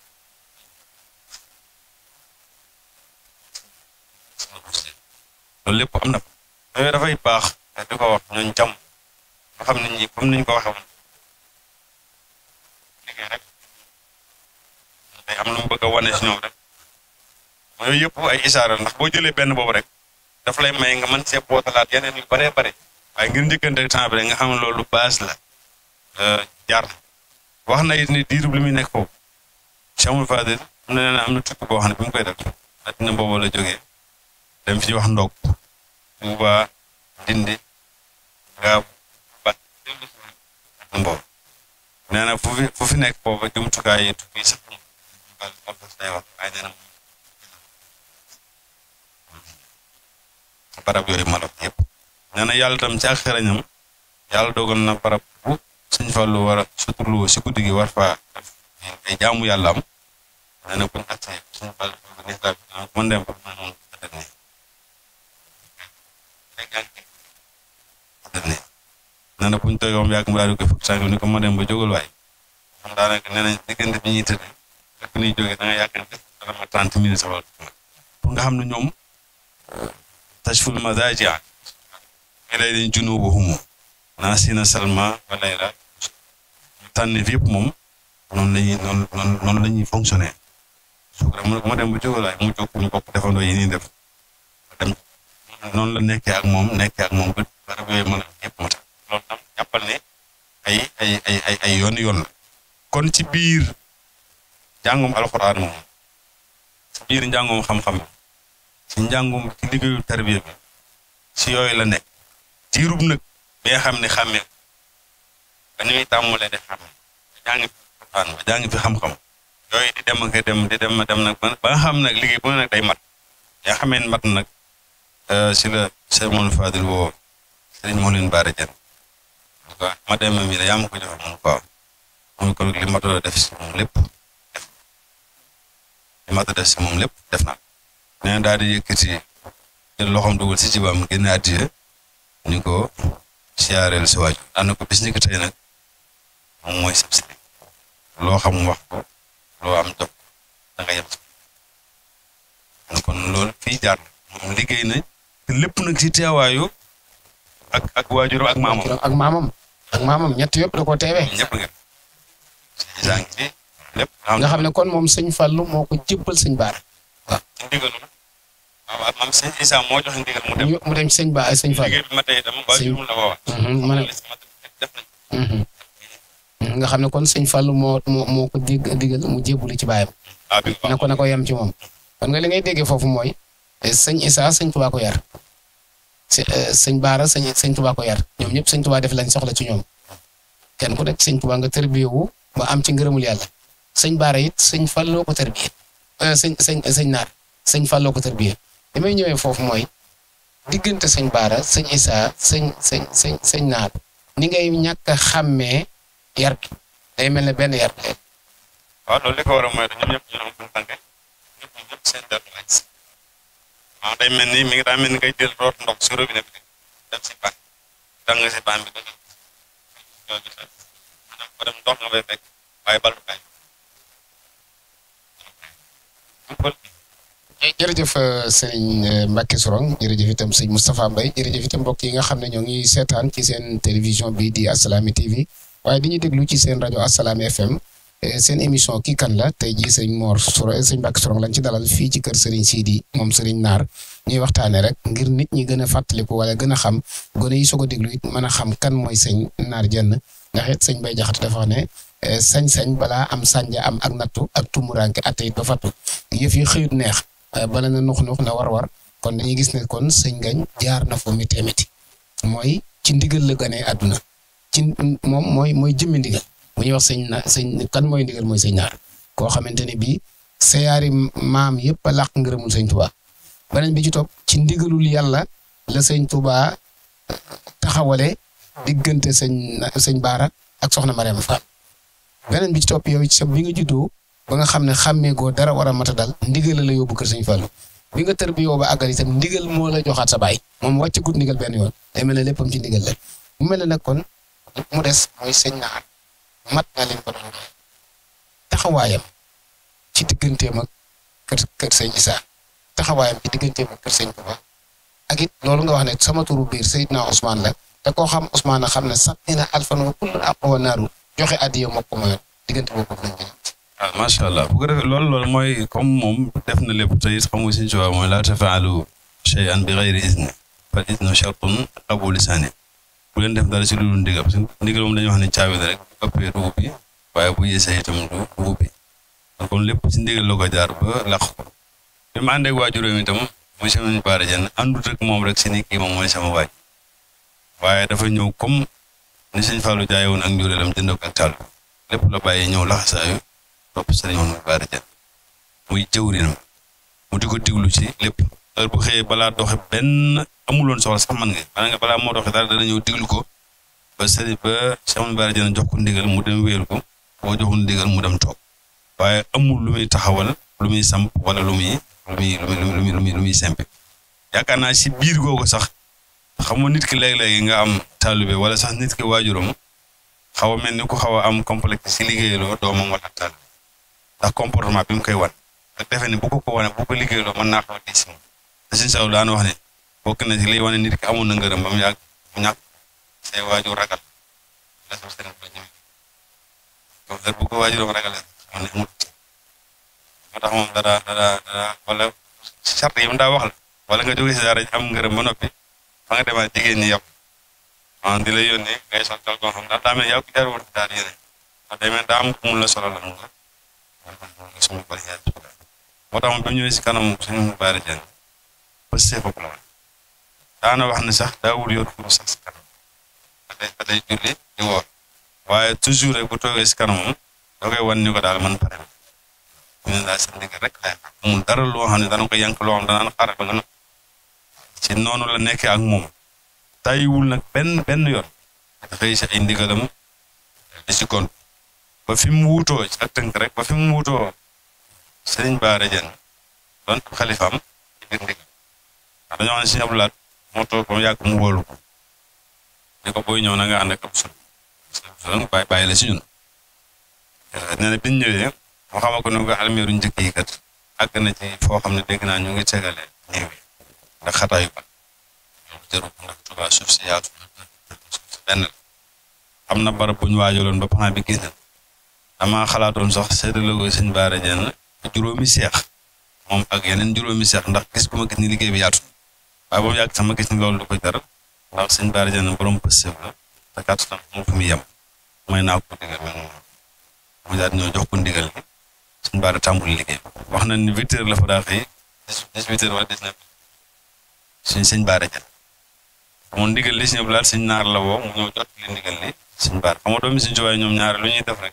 S2: nga lépp am na ko yooyu dafay baax di ko wax ñooñ jàmm nga xam ne ñi comme niñ ko waxee woon liggéey rek am lu mu bëgg a wane si ñoom rek yooyu yëpp ay isaara ndax boo jëlee benn boobu rek daf lay may nga mën see bootalaat yeneen yu baree bare waaye ngir njëkkante temps bi rek nga xam ne loolu base la euh, jaar wax na it ni diirub li muy nekk foofu Cheikh Mouhamadou Fadil am na nee na am na tukki boo xam ne bi mu koy def addina boobu la jógee dañ fi di wax ndog Tuuba Dindi Ngaabu Bat Mbow nee na fu fi fu fi nekk booba jumtukaay yi tukki sax bal motos lay wax waaye nee na barab yooyu ma la yëpp nee na yàlla tam ci ak xereñam yàlla dogal na barab bu suñ fàllu war a suturlu si guddi gi war faa ay jaamu yàlla am nee na buñ accee suñ fàllu mën dem nee na bu ñu toogee moom yàgg mu daal di ni ko ma dem ba jógal waaye xam daanaka nee nañ te bi ñuy tëdd rek ni jógee da nga yàgg ne dana ma trente minutes wala pour nga xam ne ñoom tashful madaji mi lay dañ junubuhum naa sina salma walay la fi yëpp moom noonu lañuy noonu noonu la ñuy fonctionner su ko ma dem ba jógal waaye mu jóg ñu bokk defandoo yi nii def nag noonu la nekkee ak moom nekkee ak moom ba tam jàppal ne ay ay ay ay yoon yoon la kon ci biir njàngum alxuraan moom ci biir njàngum xam-xam ci njàngum ci liggéeyu tarbiya bi ci yooyu la nekk diirub nag bi nga xam ne xàmmee ba ni muy tàmmulee di xam jàng fi alxuraan ba jàng xam-xam yooyu di dem ak dem di dem nag ba xam nag liggéey bu ne nag day mat yaa xameen mat nag Euh, si la Cheikh Modou Fadil woo Serigne Mawlin Bara Dieng ma dem mi da yaa ma ko defal mun ko am mun ko li ma doon def si moom lépp def def si moom lépp def na nee daal di yëkkati jël loxoom dugal si jibaam génne addiya ni ko siyaareel si waaju daan ko bis ni ko tey moom mooy sab sëriñ loo xam wax ko loo am jox da nga yem kon loolu fii jaar moom liggéey nañ lépp nag ci teewaayu ak ak waajuram ak
S3: maamam ak maamam ñett yëpp da koo teewee. nga xam ne kon moom sëñ fallu moo ko jébbal baar
S2: Baara. waaw ah, sëñ Issa moo joxe mu dem. mu dem sëñ
S3: Ba sëñ mhm, mhm. xam ne kon sëñ Fallou moo moo moo ko dig digal mu jébbalu ci baayam. Ah, na ko na ko ci moom. kon nga li ngay déggee foofu mooy. Eh, sëñ Issa sëñ Tuubaa ko yar eh, sëñ Baara sëñ sëñ Tuubaa ko yar ñoom ñëpp sëñ Tuubaa def lañ soxla ci ñoom kenn ku nekk sëñ Tuubaa nga tërbiyewu ba am ci ngërëmul yàlla sëñ Baara it sëñ Falloo ko tërbiye eh, sëñ sëñ sëñ Naar sëñ Falloo ko tërbiye li may ñëwee foofu mooy diggante sëñ Baara sëñ Issa sëñ sëñ sëñ sëñ Naar ni ngay ñàkk a yar bi day mel ne benn yar
S2: waaw day mel ni mi ngi daa ndox si robinet bi dem si ban dal nga si ban bi ba ñoo gis maanaam ko dem ndox nga fay
S3: eh, euh, euh, jërëjëf itam sëñ Moustapha Mbaye jërëjëf mbokk yi nga xam ne ñoo ngi seetaan ci seen télévision bi di Assalaamy TV waaye di ñu déglu ci seen rajo Assalaamy FM Eh, seen émission kii kan la tey jii sëñ Mor Soro sëñ Mbacke Sorong lañ ci dalal fii ci kër Serigne Sidi moom Serigne Naar ñuy waxtaanee rek ngir nit ñi gën a fàttaliku wala gën a xam gone yi soo ko déglu it mën a xam kan mooy sëñ Naar Jenn ndax it sëñ Bay Jaxate dafa ne eh, sañ-sañ balaa am sànja am ak nattu ak tumuranke atte it ba fattu yëf yi xëyut neex eh, bala na nux nux na war war kon dañuy gis ne kon sëñ Ngañ jaar na fo mi téeméti mooy ci ndigal la gane àdduna ci moom mooy mooy jëmmi bu ñuy wax sëñ na sëñ kan mooy ndigal mooy sëñ naar koo xamante ne bii seyaari maam yëpp a làq ngërëmul sëñ Tuubaa beneen bi ci topp ci ndigalul yàlla la sëñ Tuubaa taxawale diggante sëñ sëñ Baara ak soxna Mariama Fall beneen bi ci topp yow sa bi nga juddoo ba nga xam ne xàmmeegoo dara war a mat a dal ndigal la yóbbu kër sëñ Fallu bi nga tër bi yow ba àggal itam ndigal moo la joxaat sa baay moom wàcc gudd ndigal benn yoon day mel ne léppam ci ndigal mu mel ne nag kon mu des mooy mat naa leen ko doon wax taxawaayam ci digganteem ak kër kër sëñ Issa taxawaayam ci digganteem ak kër sëñ ko ak it loolu nga wax ne sama turu biir na Ousmane la te koo xam Ousmane a xam ne sax nee na alfan wa kullun aq wa naaru joxe addiya moo ko ma diggante boobu nañ ko
S2: ah macha allah bu ko defee loolu mooy comme moom def na lépp te it xam nga suñu Touba mooy laa tafaalu shay'an bi ghayri izni fa iznu shartun qabuli sani bu leen def dara si lu dul ndigal parce que ndigal moom dañuy ëppee du ubbi waaye bu yéesee itam du ubbi kon lépp ci ndigal la ko jaar ba làq ko bi ma ànd ak waajuram itam mooy sama baara jenn àndut rek moom rek si ni moom mooy sama waaj waaye dafa ñëw comme ni sëñ Fallou jaay woon ak njureelam jënd ak tàll lépp la bàyyi ñëw laxasaayu topp sëriñ muy jëwrinam mu di ko diglu ci lépp heure bu xëyee balaa doxe benn amuloon soxla sax man nga maanaam balaa moo doxe daal dana ñëw diglu ko ba sëriñ ba Cheikh Mouhamed jox ko ndigal mu dem wéeru ko boo joxul ndigal mu dem toog waaye amul lu muy taxawal lu muy samp wala lu muy lu muy lu muy lu muy sempi yaakaar naa si biir sax xam nga nit ki léeg-léeg nga am taalube wala sax nit ki waajuram xaw a mel ni ku xaw a am complexe si liggéeyaloo doomam wala taalube ndax comportement bi mu koy wan nga bu ko ko wane bu ko liggéeyaloo mën naa xaw a si moom te suñu saw daan wax na si li wane nit ki amoon na ngërëm ba mu say waajur ragal la soo seen ba ñëw ko heure bu ko waajuram ragal xam tax moom dara dara wala charte yi mu daa wax la wala nga jóge si daara am ngërëm ba noppi fa nga demaat jigéen ñi yàpp maanaam di la yónnee ngay sol tol koo xam mun la solo la mu la suñu bari yaa moo tax moom bi mu ñëwee si kanam suñu la wax ne sax daa wul yor pour sax si day fa day julli di woor waaye toujours rek bu toogee si kanamam da koy wan ko daal man pare na ñu daal sa ndigg rek lay dara loo xam ne dana ko yànq loo xam danaan xaaral ba nga nag noonu la nekkee ak moom tàyyiwul nag benn benn yoon dafay si ay di si gont ba fi mu wuutoo ci ak tënk rek ba fi mu wuutoo sëriñ Baara Jeen doon xalifaam ci biir ndigal dañoo xam ne si Abdou moo toog ba mu mu wóolu ne ko booy ñëw na nga ànd ak ab sol sol la si ñun eh, nee na biñ ñëwee mu xamal ko ne ko almeeru njëkk yi kat àgg na ci foo xam ne dégg naa ñu ngi segale néew yi ndax xataayu ba jëru ndax Tuubaa suuf si yaatu suuf si benn la am na barab bu ñu waajaloon ba plan bi génn damaa xalaatoon sax seetlu ko sëñ Baara Jenn juróomi seex moom ak yeneen juróomi seex ndax gis bu ma gis ni liggéey bi yaatu waaye boobu yàgg sax ma gis ni loolu du ko jaral waaw sëñ Bara Dieng borom pëstéef la te kàttu tam moom fu muy yem may naa ko ndigal man mu daal ñoo jox ko ndigal li sëñ Bara tàmbali liggéey wax na ni huit heures la fa daa xëy suñ sëñ Bara Dieng moom ndigal li sëñ Abdoulaye sëñ la woo mu ñëw jot li Bara xam doomi sëñ Tuubaa ñoom ñaar lu ñuy def rek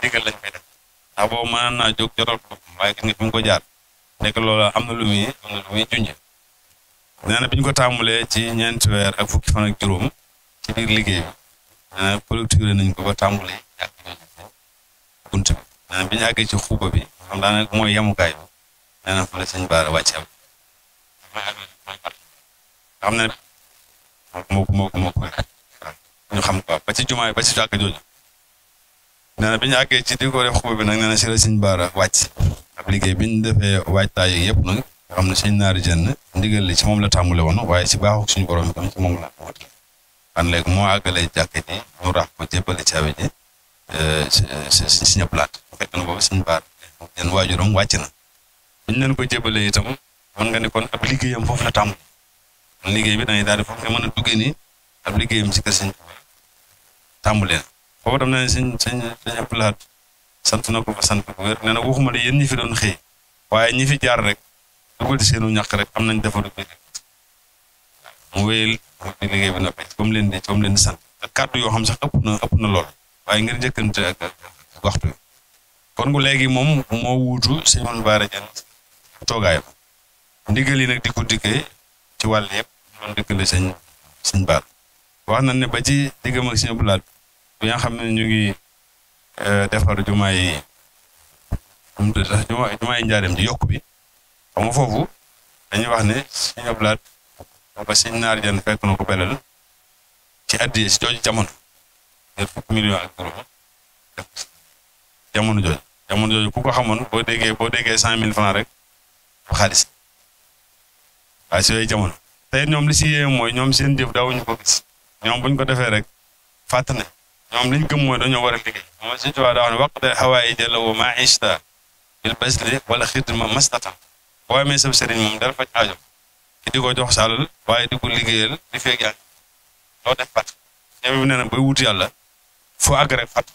S2: ndigal lañ koy def ndax boobu mënoon naa jóg jotal ko waaye gis nga mu ko jaar nekk loola am am na lu muy junjee nee biñ ko tàmbalee ci ñeenti weer ak fukki fan juróom ci biir liggéey bi nee na nañ ko ba tàmbalee ak bunt bi nee ci xuuba bi xam daanaka mooy yemukaay bi nee na fa la sëñ Baara wàcceem xam ko xam ko ba ci jumaa ba ci jàkka jooju nee na bi ñu àggee ci di ko def xuuba bi nag nee na si Baara wàcc ab liggéey bi ñu defee waajtaay yëpp nag nga xam ne sëñ naari jënn ndigal li ci moom la tàmbale woon waaye si baaxu suñu borom itam ci moom la mootali an léegi moo àggalee jàkke ji ñu rax ko jébbale caabi ji euh, si ñëpp laat fekk na boobu suñu baat seen waajuram wàcc na buñ leen ko jébalee itam mën nga ne kon ab liggéeyam foofu la tàmbale liggéey bi dangay daal di foofu nga a duggee ni ab liggéeyam si kër sëñ tàmbalee na foofu dam na ne sëñ sëñ ñëpp laat sant na ko fa sant ko wér nee na waxuma la yéen fi doon xëy waaye ñi fi jaar rek dugal ci seenu ñàkk rek am nañ defaru bi mu wéyal di comme leen di comme leen di sant ak kàddu yoo xam sax ëpp na ëpp na lool waaye ngir jëkkante ak waxtu bi léegi moom moo wuutu Sëriñ Bara Diène toogaayam ndigal nag di ko ci wàll yëpp doon dikkale sëñ sëñ wax na ne ba ci diggam ak sëñ Abdou Lahad xam ne ñu ngi eh, defar jumaa yi jumaa yi njaareem ji yokk bi xam foofu dañuy wax ne suñu ablaat ba suñ naar jan fekk na ko belal ci addiyee si jooju jamono ngir fukki million ak juróom def jamono jooju jamono jooju ku ko xamoon boo déggee boo déggee cent mille franc rek bu xaalis waaye si yooyu jamono tey ñoom li si yéem mooy ñoom seen jëf ñu ko gis ñoom buñ ko defee rek fàtt ne ñoom liñ gëm mooy dañoo war a liggéey moom suñu tubaab daa wax ne waqte xawaay jëla wo maa ishta bil basli wala xidma mastata boo amee sab sëriñ moom dara faj aajo di ko jox sàll waaye di ko liggéeyal di feeg yaa na bay wut yàlla foo àgg rek fàtt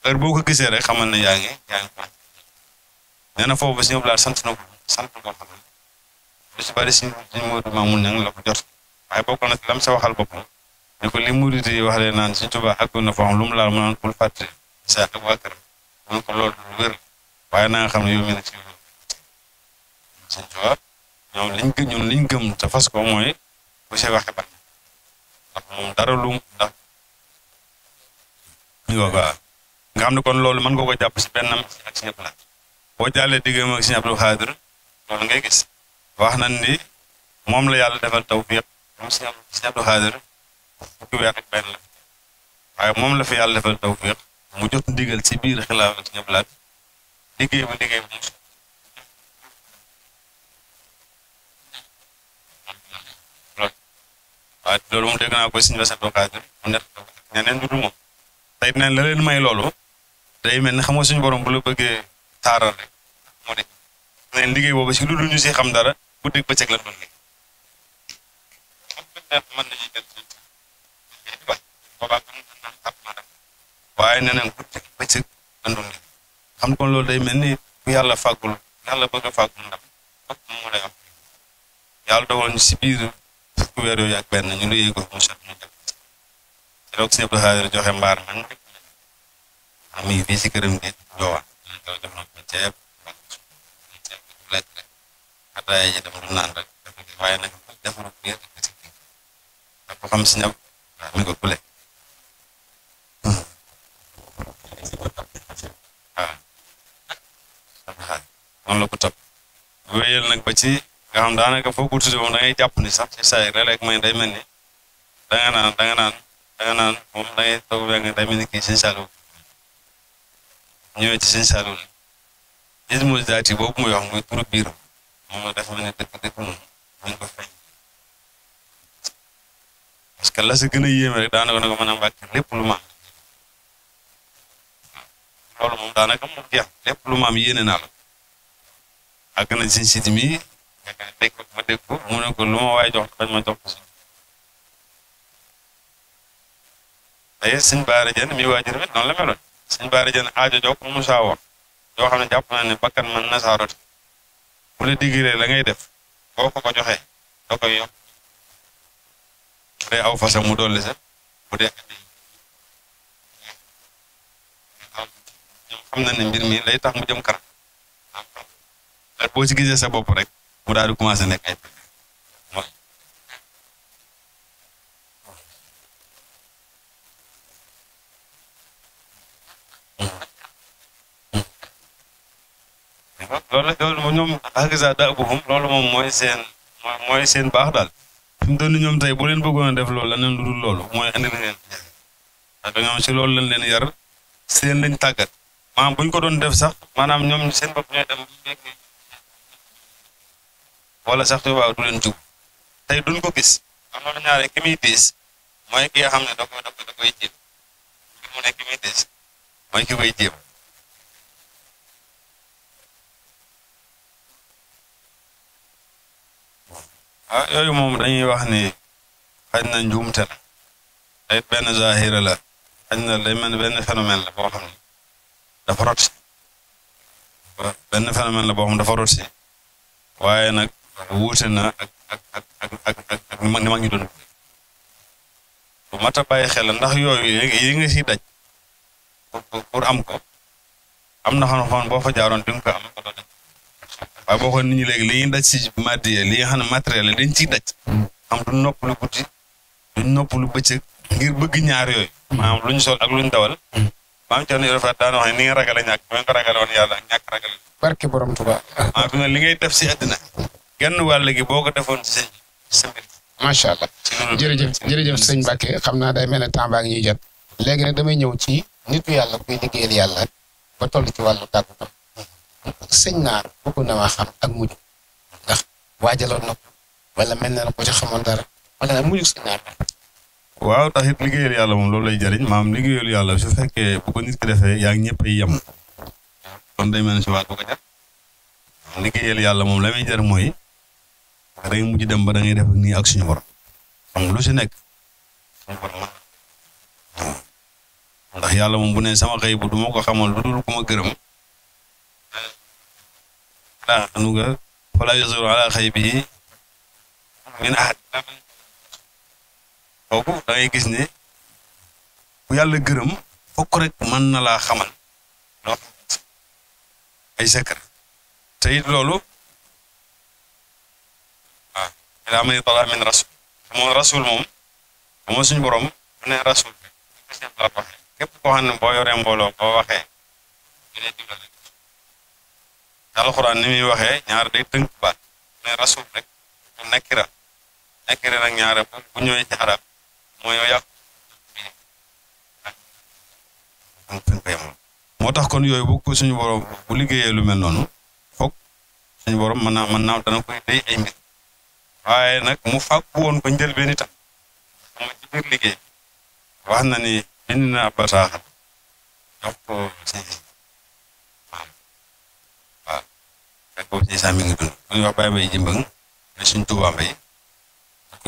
S2: ndax boo ko gisee rek xamal na yaa ngi yaa ngi fàtt nee na foofu suñu blaat sant na ko sant boo xam ne lu si bari si Moodu Maamun Ñaŋ la ko jot waaye sa waxal boppam ne ko li murid wax le naan suñ Tuubaa àggoon na foo xam lu mu laal mu naan bul fàtte sa ak waa këram mun ko loolu lu wér waaye na xam ne yow mi nag ci sëñ Tuubaa ñoom liñ gëm ñun liñ gëm te fas ko mooy bu see waxe ban ndax moom dara lu ndax nga xam ne kon loolu mën nga ko jàpp si benn ak ci ñëpp la boo jàllee diggam ak Sëñ Abdou Khadr loolu ngay gis wax na ni moom la yàlla defal tawfiq moom Sëñ Abdou Khadr fukki weer ak benn la waaye moom la fi yàlla defal tawfiq mu jot ndigal si biir xilaaf ak Sëñ waaw loolu moom dégg naa ko suñu Bassirou Khadim mu nekk ñeneen du dul moom tey nee may loolu day mel ne xam nga suñu borom bu la bëggee taaral rek moo di liggéey boobu si lu dul ñu si xam dara guddeeg bëccëg la doon waaye nee na guddeeg bëccëg la doon xam nga loolu day mel ni yàlla fàggul yàlla bëgg a fàggul ndam yàlla dogal ñu si biir. fukki weer yooyu ak na ñu luyee ko mu set ñu ci loog sëñ Abdou joxe mbaar man rek am si këram gi joowaan ñu taw jox na ko ceeb lekk rek ataaya ji dem du naan rek waaye nag defaru biir si da ko xam si ñëpp waaw mi ko kule waaw noonu la ko topp wéyal ba ci nga xam daanaka foo ko tuddee moom da ngay jàpp ni sax ci saa yi léeg-léeg mooy naan da naan moom da ngay toog rek kii sëñ Saliou ñëwee ci sëñ Saliou li li mu daat yi boobu muy wax muy turu biir moom dafa mel dëkk dëkk moom dañ ko feeñ parce que la si gën a rek daanaka na ko mën a lépp lu ma loolu moom daanaka mu jeex am yéene naa la na sëñ Sidi mi dégg ko ma dégg ko mu ne ma waay jox bañ ma jox ko si daye sëñ Baara Jeen mi waajur mi noonu la meloon sëñ Baara Jeen aajo jox ko xam ne jàpp naa ne bakkan man na saaroti bu la digiree la ngay def boo ko ko joxee da koy yokk bu dee mu dolli sa bu na ne mbir mi lay tax mu jëm kanam boo si gisee sa bopp rek mu daal di commencé nekk ay loolu loolu moom ñoom Hakaza da'buhum loolu mooy seen mooy seen baax daal fi mu doon ñoom tey bu leen bëggoon def loolu leneen lu dul loolu mooy indi leen parce ñoom si loolu lañ leen yar seen lañ tàggat maanaam bu ñu def sax maanaam ñoom seen bopp ñooy dem wala sax tubaab du leen jub tey duñ ko gis am na lu ñaare ki muy mooy ki nga xam ne da ko da ko da koy jéem mooy ki koy jéem ah yooyu moom dañuy wax ni xaj na njuumte la day benn zahira la xaj na day mel benn phénomène la boo xam ne dafa benn phénomène la boo xam dafa rot si waaye nag wuute na ak ak ak ak ak ak ni mag ñu doon bu mat a xel ndax yooyu yi nga si daj pour am ko am na xam boo fa jaaroon di nga ko am ko doon daj waaye boo xoolee nit ñi léegi li ñuy daj si matériel li nga xam ne matériel la dañ ciy daj am du nopp lu guddi duñ nopp lu bëccëg ngir bëgg ñaar yooyu ma luñ sol ak lu ñu dawal maam Thierno Ibrahima Fall daan wax ne ni nga ragale ñàkk ba nga ko ragale woon yàlla ñàkk ragale
S3: barke borom Tuubaa
S2: maanaam li ngay def si àddina genn wàll gi boo ko defoon ci sa mbir. macha allah
S3: jërëjëf jërëjëf sëñ Mbacke xam naa day mel ne temps baa ngi ñuy jot. léegi nag damay ñëw ci nitu yàlla kuy liggéeyal yàlla ba toll ci wàllu tàggatoo. sëñ naar bëgg na maa xam ak mujj ndax waajaloon na ko wala mel na ko ci xamoon dara wala mujj naar
S2: waaw tax it yàlla moom loolu lay jëriñ maam liggéeyal yàlla su fekkee bu nit ki defee yaa ngi ñëpp a yem mm-hmm. kon day mel ne si waat bu ko jar liggéeyal yàlla moom la muy jar mooy da ngay mujj dem ba da ngay def ak ak suñu borom lu si nekk suñu ndax yàlla moom bu ne sama xëy bu du ma ko xamal lu dul ku ma gërëm la nu nga gis ne bu yàlla gërëm fokk rek mën na laa xamal ay secret te it loolu ilaa may talaa min rasul moom rasul moom moom suñu borom mu ne rasul bi seen koo xam ne ni muy waxee ñaar day tënk baat mu ne rasul rek du nakira nakira nag ñaare bu bu ñëwee ci arab mooy yàqu moo tax kon yooyu bu ko suñu borom bu liggéeyee lu mel noonu foog suñu borom mën naa mën naa dana koy day ay mbir waaye nag mu fàggu woon ko jël itam xam nga ci liggéey bi ni bind naa bataaxal jox ko sëñ waaw fekk boobu sëñ Sam mi ngi dund bu ñuy wax bàyyi bay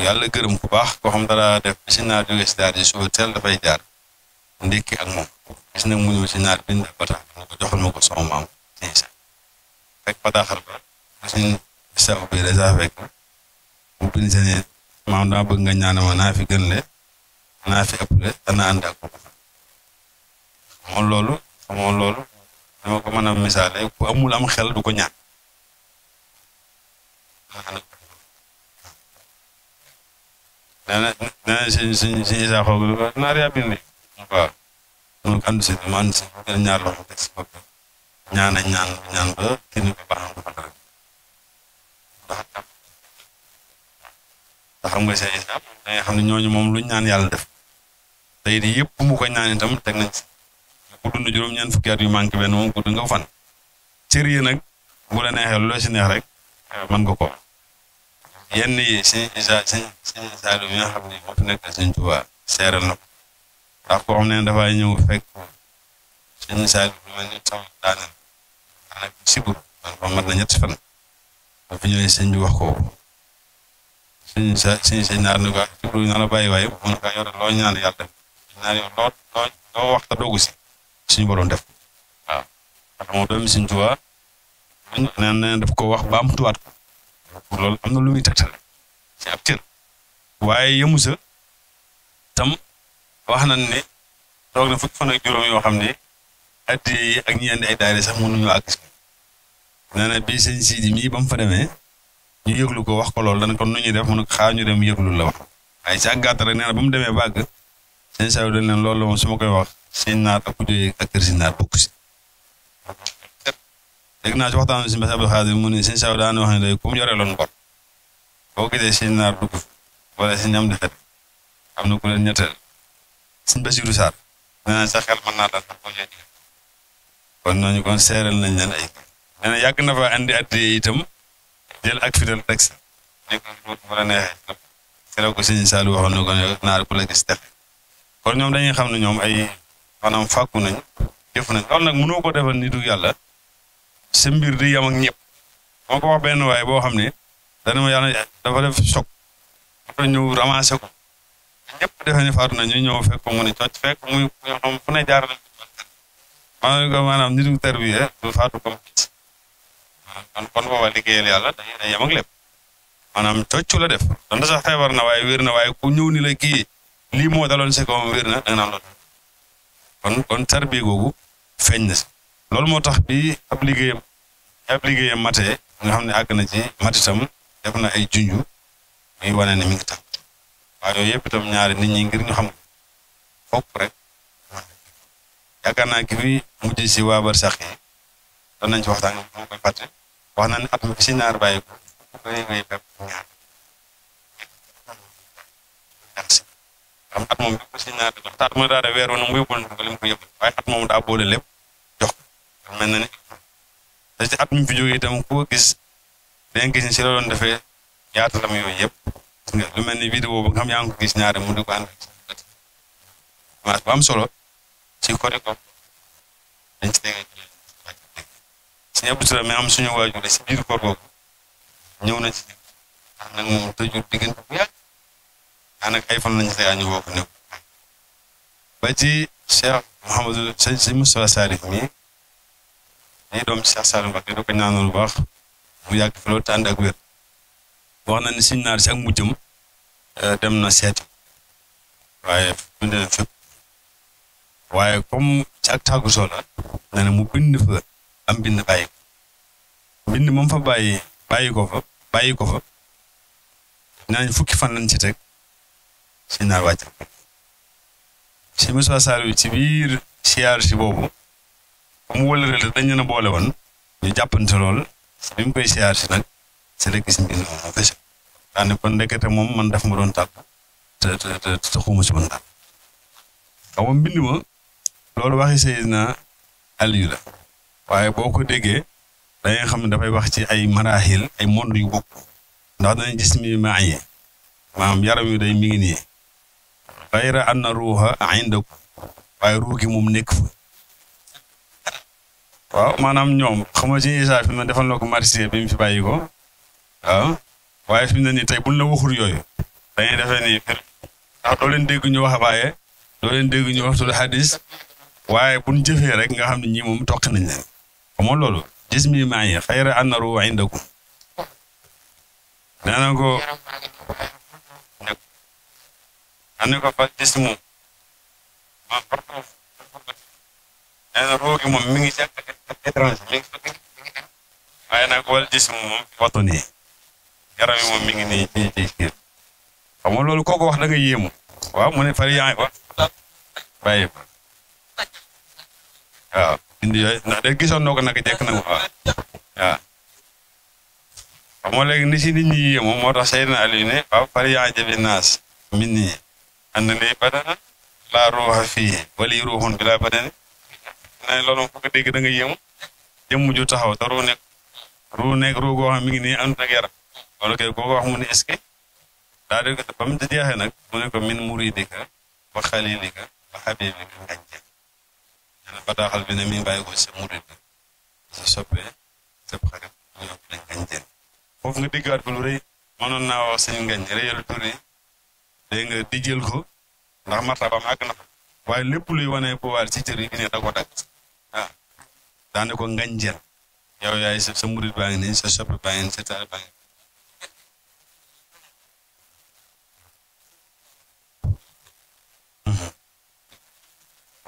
S2: yàlla gërëm ku baax koo xam dara def bi si naar jóge si daar ji suba teel dafay jaar ndékki ak moom gis nag mu ñëw si naar bind ab bataaxal ko joxal ma ko sama maam sëñ Sam fekk bataaxal ba suñ saw bi réservé ko mu bind sa ne maam dama bëgg nga ñaanal ma naa fi gën le naa fi le dana ànd ak ko xamoo loolu xamoo ko mën a misaale ku amul am xel du ko ñaan naar yaa bind waaw mun ko ànd si ma ànd si gën loxo teg si ñaan ñaan ñaan ba kenn ko baax xam nga seen a da xam ne ñooñu moom luñ ñaan yàlla def tey di yëpp mu ko ñaan itam teg nañ ku dund juróom-ñeent fukki at yu manqué benn moom gudd nga fan cër yi nag bu la neexee lu la si neex rek eh, mën nga ko yenn yi sëñ Isa sëñ sëñ Isa lu nga xam ne moo fi nekk sëñ Tuubaa na ko ndax koo xam ne ñëw fekk sëñ Isa lu mel ni fa fi ñëwee sëñ bi wax ko suñ sa suñ sëñ naar ni ko jublu na la bàyyi waaye mu ne ko yow loo ñaan yàlla def ñaan yow loo loo loo waxta doogu si suñu boroom def waaw ndax moom doomi suñ tuwaa neen neen daf ko wax ba am tuwaat ko am na lu muy tegtal ci ab waaye yëmu sa tam wax nañ ne toog na fukki fan juróom yoo xam ne addi ak ñi andi ay daayira sax mënuñu àgg nee na bi sëñ Sidi mii ba mu ñu yëglu ko wax ko loolu dana ko nu ñuy def mu ne xaar dem yëglu la wax waaye si ak gàtt rek nee na ba mu demee bàgg seen saw dañ leen loolu moom su ma koy wax seen naat ak ku jógee ak kër si naat bokk si dégg naa ci waxtaan si Mbacke wax ne mu yore loon ngor boo gisee seen naat dugg wala seen ñam am na ku leen ñetteel seen Basiru Saar nee na sa xel mën naa dal ndax kon ñooñu kon seeral nañ leen ay nee na na fa andi at itam jël ak fidèle rek si nekk bu la neexee kon ñoom dañuy xam ne ñoom ay maanaam fàkku nañ jëf nañ loolu nag ko ko defal nitu yàlla sa mbir di yam ak ñëpp moo ko wax benn waaye boo xam ne dana ma yàlla dafa def choc dafa ñëw ramassé ko ñëpp defe ne faatu nañ ñu ñëw fekk mu ne cocc fekk muy xam fu ne jaar faatu comme kon kon booba liggéeyal yàlla day yem ak lépp maanaam toccu la def donte sax feebar na waaye wér na waaye ku ñëw ni la kii lii moo daloon si kawam wér na danga naan lool kon kon tarbiya googu feeñ na si loolu moo tax bi ab liggéeyam ab liggéeyam matee nga xam ne àgg na ci mat itam def na ay junju muy wane ne mi ngi tam waaye yooyu yëpp itam ñaari nit ñi ngir ñu xam fokk rek yaakaar naa ki fi mujj si waa sax yi danañ ci waxtaan moo koy wax na ne at mi si naar bàyyi ko wéy wéy moom bi naar jox te at ma daara weer woon mu yóbbul na ko at moom daa boole lépp jox ko mel na ne te ci at mi fi jógee itam koo gis danga gis ni si la yaatalam yooyu yëpp lu mel ni vidéo ba nga xam ko gis ñaari mu di ko ànd image bu solo ci kori ko suñu Abdou Salaam mi am suñu waajur la si biir koor boobu ñëw na ci ñun ay fan lañu xëy a ñu woo ko néew ba ci Cheikh Mouhamadou sëñ sëñ Moustapha bu yàgg fi loolu te wax na ne suñ naar si ak mujjam euh, dem na seeti waaye bind na waaye comme ci ak tàggu soo la mu bind fa am bind bàyyi ko moom fa bàyyi bàyyi ko fa bàyyi ko fa naañ fukki fan lañ ci teg sëñ naar wàcc si Moussa Sall ci biir siyaar si boobu mu wëlëre la dañ leen a boole woon ñu jàppante lool bi mu koy siyaar si nag si la gis mbind moom fes daane kon ndekete moom man daf ma doon tàpp te te te xuma si man daal xaw mbind ma loolu waxi Seydina Aliyu la waaye boo ko déggee da xam ne dafay wax ci ay maraaxil ay monde yu bokk ndax danañ gis mi maa yi maanaam yaram yu day mi ngi nii xayra anna ruuxa gi moom nekk fa waaw maanaam ñoom xam nga ci Isaa fi mu ko marché bi mu fi bàyyi ko waaw waaye nii tey buñ la waxul yooyu dañuy defee nii leen dégg ñu wax baaye doo leen dégg ñu wax tudd hadis waaye buñ jëfee rek nga xam ne ñii moom toq nañ xam nga loolu jismi maayi xayra anna ruwa indakum nee na ko ne ko fa jismu ma partout nee na ruu gi moom mi ngi ca étranger mi ngi waaye loolu kooku wax da nga yéemu mu ne fari wax bàyyi waaw indi yooyu ndax de gisoon noo ko naka jekk na ko waaw waaw xam nga léegi ni si moo tax Seydina Aliou ne waaw far yaa jabi naas min nii ànd lii badana laa ruuxa fii wali ruuxun bi laa badani na loolu moom foog dégg da nga yéemu jëmm ju taxaw ta ruu nekk ruu nekk ruu goo xam mi ngi nii ànd ak ko wax mu ne est-ce que daa di ba mu jeexee nag mu ne ko min muridika wa xalilika wa xabibika nee na bi mi ngi bàyyi ko sa murit bi sa soppee sab xarit ñu wax ne ngañ jën foofu nga diggaat ko lu rëy mënoon naa wax sëñ ngañ réyal tur yi dégg nga di ko ndax martabam àgg na fa lépp luy wane pouvoir ci cër yi bi ne da ko dagg waaw daane ko ngañ jën yow yaay sa murit baa ngi nii sa soppe baa ngi nii sa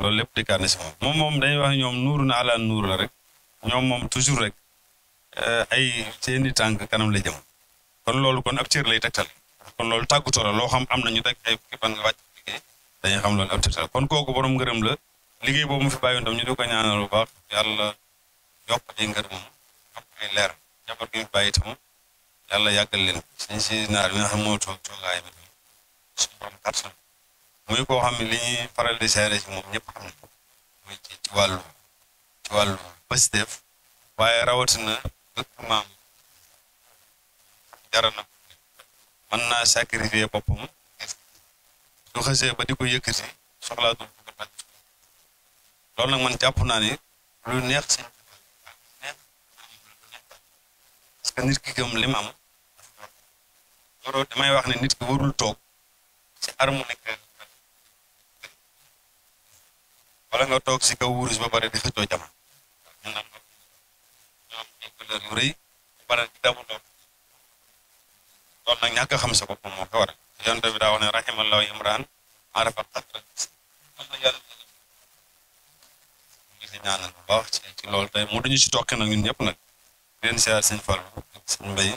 S2: loolu lépp dëkkaane si moom moom moom dañuy wax ñoom nuuru na ala nuur la rek ñoom moom toujours rek euh, ay seeni tànk kanam la jëm kon loolu kon ab cër lay tegtal kon loolu tàggutoo la loo xam am nañu rek ay fukki fan nga wàcc liggéey dañuy xam loolu ab tegtal kon kooku boroom ngërëm la liggéey boobu mu fi bàyyoon tam ñu di ko ñaanal bu baax yàlla yokk ay ngërëm yokk ay leer jabar gi mu bàyyi tam yàlla yàggal leen suñ si naar bi nga xam moo toog toogaay bi suñ muy koo xam ne li ñuy faral di moom ñëpp xam ne muy ci ci wàllu ci wàllu Pastef waaye rawatina dëkk maam na mën naa sacrifier boppam su xasee ba di ko yëkkati soxlaatul ko nag man jàpp naa ni lu neex si parce que nit ki gëm li am loolu wax ne nit ki warul toog ci armu nekk wala nga toog si kaw wurus ba pare di xëccoo jama ñu naan ñoom ay valeur yu rëy ba pare di damu doon loolu nag ñàkk a xam sa bopp moo ko waral yonent bi daa wax ne rahimallahu imran arafa qadra am na yàlla ñu ngi ñaanal bu baax ci ci loolu tey mu duñu si tokki nag ñun ñëpp nag leen siyaar sëñ Fall sëñ Mbay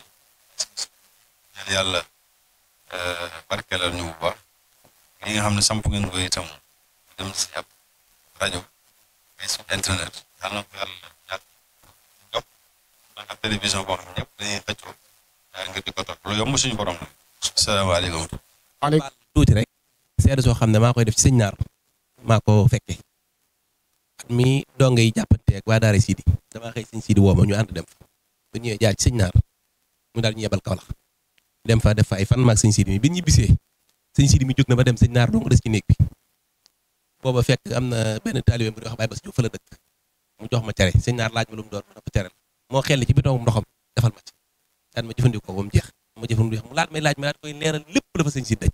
S2: ñaan yàlla eh, barkeelal ñu bu baax li nga xam ne samp ngeen ko itam dem si yàpp rajo ay site internet télévision boo xam ne la salaamaaleykum
S1: waaleykum tuuti rek seede soo xam ne maa koy def ci sëñ naar maa ko fekke at mi donge yi jàppante ak waa daara Sidi damaa xëy sëñ Sidi woo ma ñu ànd dem fa bu ñëwee ci sëñ naar mu daal ñu yebal Kaolack dem fa def fa fan maag sëñ Sidi mi bi ñu bisee sëñ Sidi mi jóg na ba dem sëñ naar dong des ci néeg bi booba fekk am na benn taalibe bu di wax Baye Bass Diouf fa la dëkk mu jox ma cere sëñ naar laaj ma lu mu doon ma ne ko cerel moo xel ci bitoom mu jeex ma laaj may laaj ma la fa sëñ si daj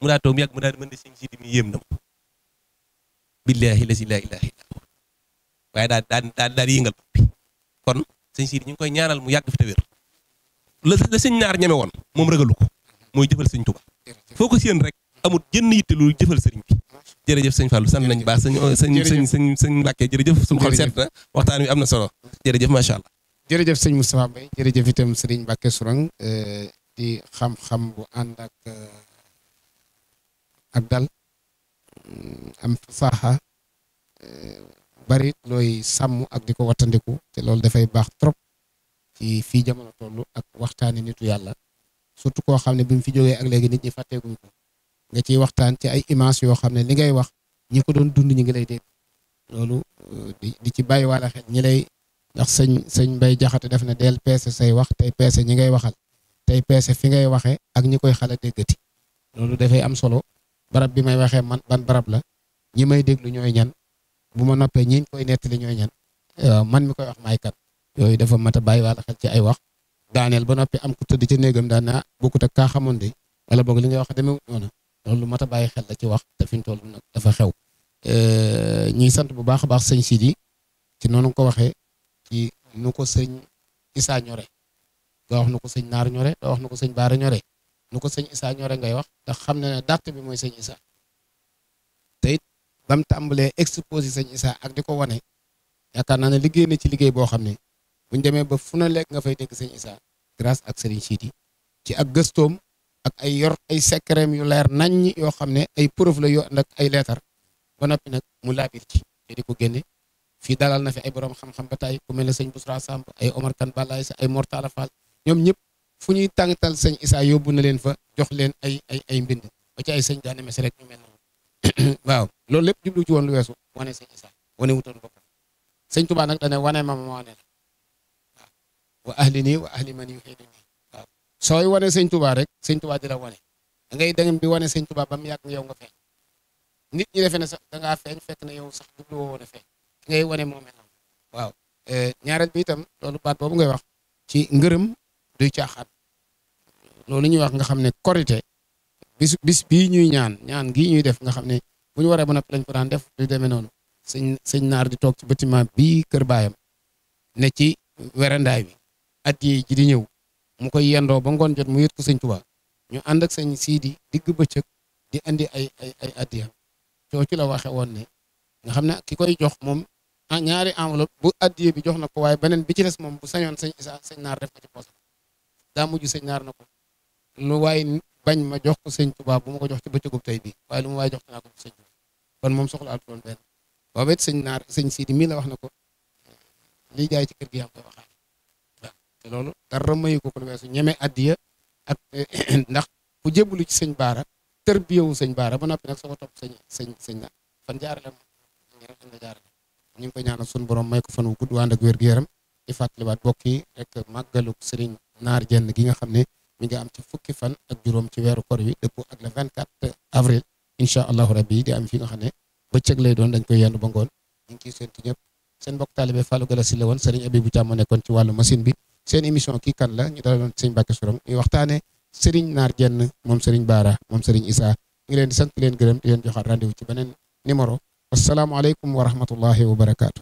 S1: mu daa toog mu yàgg mu daal mën ne sëñ la si laa ilaaha illa waaye daal daal daal daal yëngal bopp bi si ñu ngi koy ñaanal mu yàgg fi te wér la la sëñ naar ñeme woon moom ragalu ko mooy jëfal sëñ Tuubaa foo ko rek amul jënn yitte lu jëfal sëriñ bi jërëjëf sëñ Fallou sant nañ baax sëñ sëñ sëñ sëñ Mbacke jërëjëf suñu xol set na waxtaan wi am na solo jërëjëf macha allah
S3: jërëjëf sëñ Moustapha Mbaye jërëjëf itam sëriñ Mbacke Sourang eh, di xam-xam bu ànd ak eh, ak dal mm, am fasaaxa eh, barit looy sàmm ak di ko wattandiku te loolu dafay baax trop ci fii jamono toll ak waxtaani nitu yàlla surtout koo xam ne bi mu fi jógee ak léegi nit ñi fàtteeguñ ko nga ciy waxtaan ci ay image yoo xam ne li ngay wax ñi ko doon dund ñi ngi lay dégg loolu euh, di ci bàyyi wala xel ñi lay ndax sëñ sëñ Mbay Jaxate def na del peese say wax tey peese ñi ngay waxal tey peese fi ngay waxee ak ñi koy xala déggati loolu dafay am solo barab bi may waxee man ban barab la ñi may déglu ñooy ñan bu ma noppee ñiñ koy nettali ñooy ñan man mi koy wax maay kan yooyu dafa mat a bàyyi wala xel ci ay wax daaneel ba noppi am ku di ca néegam daan naa bokkut ak kaa xamoon de wala boog li ngay wax demewut noona loolu lu mat a bàyyi xel la ci wax te fi mu nag dafa xew euh, ñuy sant bu baax a baax sëñ Sidi ci noonu ko waxee ci nu ko sëñ Issa ñore nga wax nu ko sëñ Naar ñore nga wax nu ko sëñ Baara ñore nu ko sëñ Issa ñore ngay wax ndax xam na ne dàtt bi mooy sëñ Issa te it ba mu tàmbalee sëñ Issa ak di ko wane yaakaar naa ne liggéey na ci liggéey boo xam ne buñ demee ba fu na lekk nga fay dégg sëñ Issa grâce ak sëriñ Sidi ci ak gëstoom ak ay yor ay secret yu leer naññ yoo xam ne ay preuve la yoo ànd ay leetar ba noppi nag mu laabir ci te di ko génne fii dalal na fi ay borom xam-xam ba ta ku mel ne sëñ Bousra Samb ay Omar Kane Balaye Mortala Fall ñoom ñëpp fu ñuy tàngatal sëñ Issa yóbbu na leen fa jox leen ay ay ay mbind ba ci ay sëñ daane mesi rek ñu mel noonu loolu lépp jublu ci woon lu weesu wane sëñ Issa wane wutoon boppam sëñ Tuubaa nag dane wane ma ma wane la wa ahli nii wa ahli man yuhini sooy wane sëñ tubaa rek sëñ tubaa di la wane da ngay dem di wane sëñ tubaa ba yow nga feeñ nit ñi defe sax da ngaa feeñ fekk na yow sax jublu woo woon a feeñ ki ngay wane moo mel waaw eh, ñaareel bi itam loolu baat boobu ngay wax ci ngërëm du caaxaan loolu ñuy wax nga xam ne korite bis bis bii ñuy ñaan ñaan gii ñuy def nga xam ne bu ñu waree ba noppi lañ ko daan def du demee noonu sëñ sëñ naar di toog ci bâtiment bii kër baayam ne ci werandaay bi at yi ji di ñëw mu koy yendoo ba ngoon jot mu yët ko sëñ Tuubaa ñu ànd ak sëñ Siidi digg bëcëg di andi ay ay ay addiya coo ci la waxe woon ne nga xam ne ki koy jox moom a ah, ñaari enveloppe bu addiya bi jox na ko waaye beneen bi ci des moom bu señoon sëñ Isa sëñ Naar def ko ci poosam daa mujj sëñ Naar na ko lu waaye bañ ma jox ko sëñ Tuubaa bu ma ko jox ci bëccëgub tey bi waaye lu mu waaye jox naa ko bu kon moom soxla altoon benn waa it sëñ Naar sëñ Siidi mii la wax na ko lii jaay ci kër gi am koy te loolu dara mayu ko kon weesu ñeme addiya ak eh, ndax bu jébbalu ci sëñ baara tërbiyewu sëñ baara ba noppi nag soo ko topp sëñ sëñ na fan jaar moom ñeneen fan nga jaarale ñu ngi ko ñaanal sunu borom may ko fan wu gudd ànd ak wér gu yaram di fàttaliwaat bokk yi rek màggalu sëriñ naar jenn gi nga xam ne mi ngi am ci fukki fan ak juróom ci weeru kor wi dëpp ak le 24 avril incha allahu rabbi di am fi nga xam ne bëccëg lay doon dañ koy yendu ba ngoon ñu ngi ciy séntu ñëpp seen mbokk taalibe Fallou Galass la woon sëriñ Abibou Thiam moo nekkoon ci wàllu machine bi seen émission kii kan la ñu dalaloon sëñ Mbacke Sourang ñu waxtaanee Serigne Naar Jenn moom seriñ Baara moom Serigne Issa ngi leen di sant leen gërëm di leen joxaat rendez ci beneen numéro asalaamaaleykum wa rahmatullahi wa barakaatu.